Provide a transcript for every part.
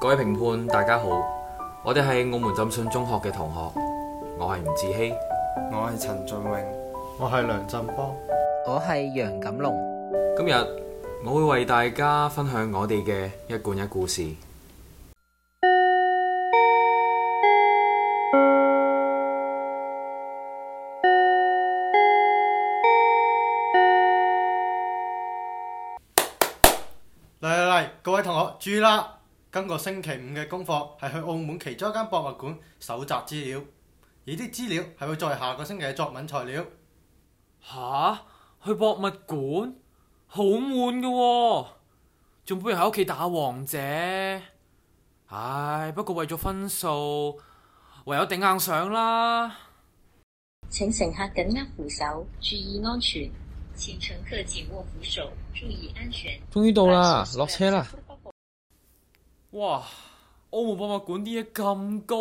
各位評判，大家好，我哋係澳門浸信中學嘅同學，我係吳志熹，我係陳俊穎，我係梁振邦，我係楊錦龍。今日我會為大家分享我哋嘅一貫一故事。嚟嚟嚟，各位同學注意啦！今個星期五嘅功課係去澳門其中一間博物館搜集資料，而啲資料係會在下個星期嘅作文材料。吓、啊，去博物館好悶嘅，哦，仲不如喺屋企打王者。唉、哎，不過為咗分數，唯有頂硬上啦。請乘客緊握扶手，注意安全。請乘客緊握扶手，注意安全。終於到啦，落車啦。哇！澳門博物館啲嘢咁高，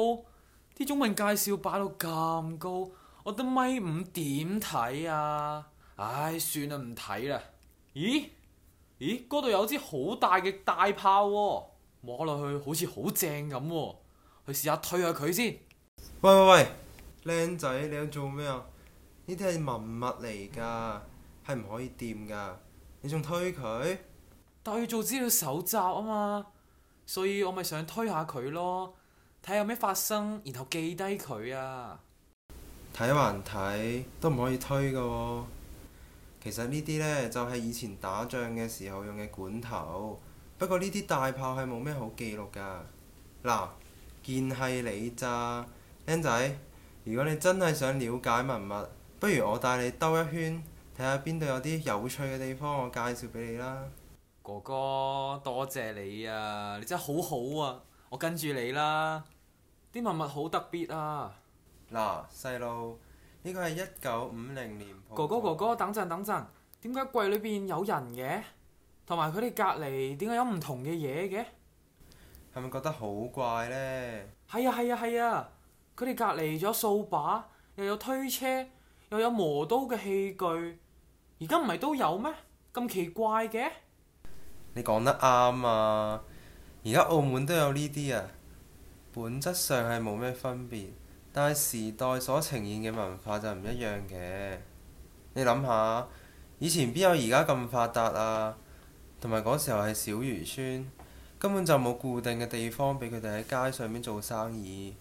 啲中文介紹擺到咁高，我得米五點睇啊！唉、哎，算啦，唔睇啦。咦？咦？嗰度有支好大嘅大炮喎，摸落去好似好正咁喎，去試下推下佢先。喂喂喂，靚仔，你喺度做咩啊？呢啲係文物嚟㗎，係唔可以掂㗎。你仲推佢？但我要做資料搜集啊嘛。所以我咪想推下佢咯，睇下有咩發生，然後記低佢啊！睇還睇，都唔可以推噶喎。其實呢啲呢，就係以前打仗嘅時候用嘅管頭，不過呢啲大炮係冇咩好記錄噶。嗱，見係你咋，靚仔。如果你真係想了解文物，不如我帶你兜一圈，睇下邊度有啲有趣嘅地方，我介紹俾你啦。哥哥多謝你啊！你真係好好啊，我跟住你啦。啲文物好特別啊。嗱，細路，呢個係一九五零年。哥哥哥哥，等陣等陣，點解櫃裏邊有人嘅？同埋佢哋隔籬點解有唔同嘅嘢嘅？係咪覺得好怪呢？係啊係啊係啊！佢哋隔籬咗掃把，又有推車，又有磨刀嘅器具，而家唔係都有咩咁奇怪嘅？你講得啱啊！而家澳門都有呢啲啊，本質上係冇咩分別，但係時代所呈現嘅文化就唔一樣嘅。你諗下，以前邊有而家咁發達啊？同埋嗰時候係小漁村，根本就冇固定嘅地方俾佢哋喺街上面做生意。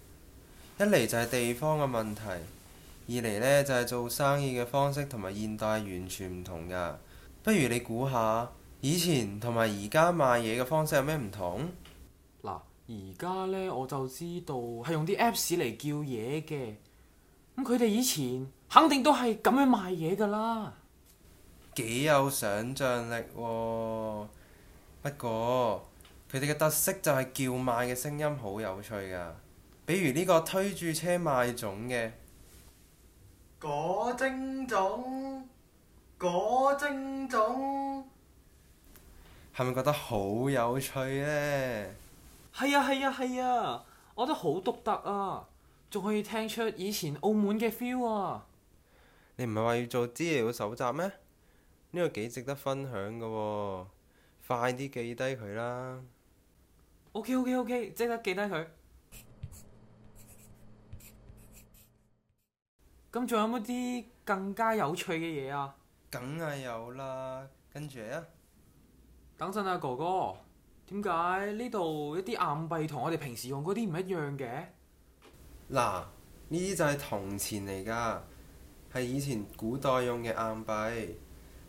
一嚟就係地方嘅問題，二嚟呢就係做生意嘅方式同埋現代完全唔同㗎。不如你估下？以前同埋而家賣嘢嘅方式有咩唔同？嗱，而家呢，我就知道係用啲 Apps 嚟叫嘢嘅。咁佢哋以前肯定都係咁樣賣嘢噶啦。幾有想像力喎、哦！不過佢哋嘅特色就係叫賣嘅聲音好有趣噶。比如呢個推住車賣粽嘅，果蒸粽，果蒸粽。係咪覺得好有趣呢？係啊係啊係啊！我覺得好獨特啊，仲可以聽出以前澳門嘅 feel 啊！你唔係話要做資料搜集咩？呢個幾值得分享嘅喎，快啲記低佢啦！OK OK OK，即刻記低佢。咁仲有冇啲更加有趣嘅嘢啊？梗係有啦，跟住啊！等陣啊，哥哥，點解呢度一啲硬幣同我哋平時用嗰啲唔一樣嘅？嗱，呢啲就係銅錢嚟㗎，係以前古代用嘅硬幣，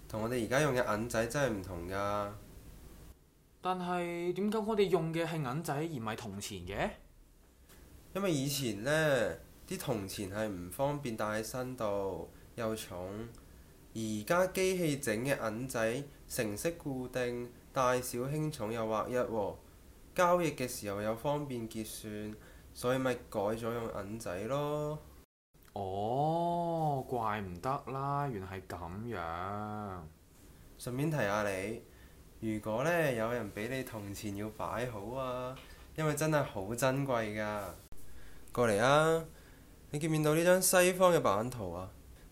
同我哋而家用嘅銀仔真係唔同㗎。但係點解我哋用嘅係銀仔而唔係銅錢嘅？因為以前呢啲銅錢係唔方便帶喺身度，又重。而家機器整嘅銀仔成色固定，大小輕重又劃一喎、哦。交易嘅時候又方便結算，所以咪改咗用銀仔咯。哦，怪唔得啦，原來係咁樣。順便提下你，如果呢有人俾你銅錢要擺好啊，因為真係好珍貴噶。過嚟啊！你見唔見到呢張西方嘅版圖啊？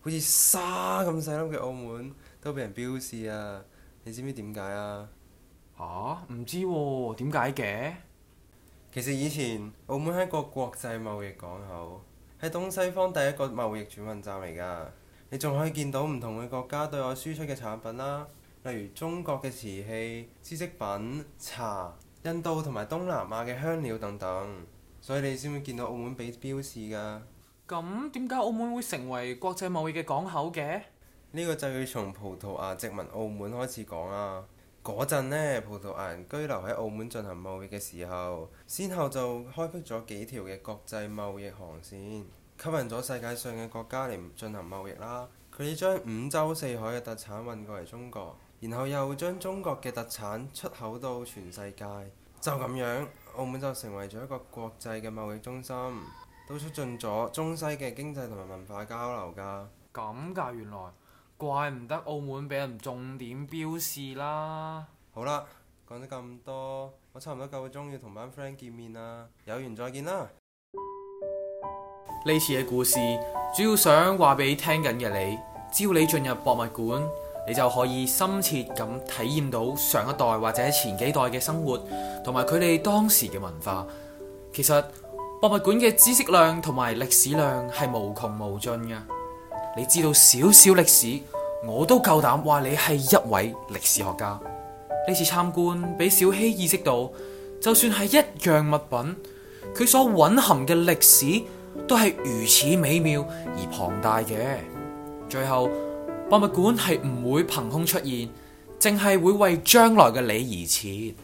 好似沙咁細粒嘅澳門都俾人標示啊！你知唔知點解啊？嚇唔知喎、啊？點解嘅？其實以前澳門係一個國際貿易港口，係東西方第一個貿易轉運站嚟㗎。你仲可以見到唔同嘅國家對我輸出嘅產品啦、啊，例如中國嘅瓷器、奢侈品、茶、印度同埋東南亞嘅香料等等，所以你先會見到澳門俾標示㗎、啊。咁點解澳門會成為國際貿易嘅港口嘅？呢個就要從葡萄牙殖民澳門開始講啦、啊。嗰陣呢，葡萄牙人居留喺澳門進行貿易嘅時候，先後就開闢咗幾條嘅國際貿易航線，吸引咗世界上嘅國家嚟進行貿易啦。佢哋將五洲四海嘅特產運過嚟中國，然後又將中國嘅特產出口到全世界。就咁樣，澳門就成為咗一個國際嘅貿易中心。都促進咗中西嘅經濟同埋文化交流㗎。咁㗎，原來怪唔得澳門俾人重點標示啦。好啦，講咗咁多，我差唔多夠鐘要同班 friend 見面啦，有緣再見啦。呢次嘅故事主要想話俾聽緊嘅你，只要你進入博物館，你就可以深切咁體驗到上一代或者前幾代嘅生活同埋佢哋當時嘅文化。其實。博物館嘅知識量同埋歷史量係無窮無盡嘅。你知道少少歷史，我都夠膽話你係一位歷史學家。呢次參觀俾小希意識到，就算係一樣物品，佢所蘊含嘅歷史都係如此美妙而龐大嘅。最後，博物館係唔會憑空出現，淨係會為將來嘅你而設。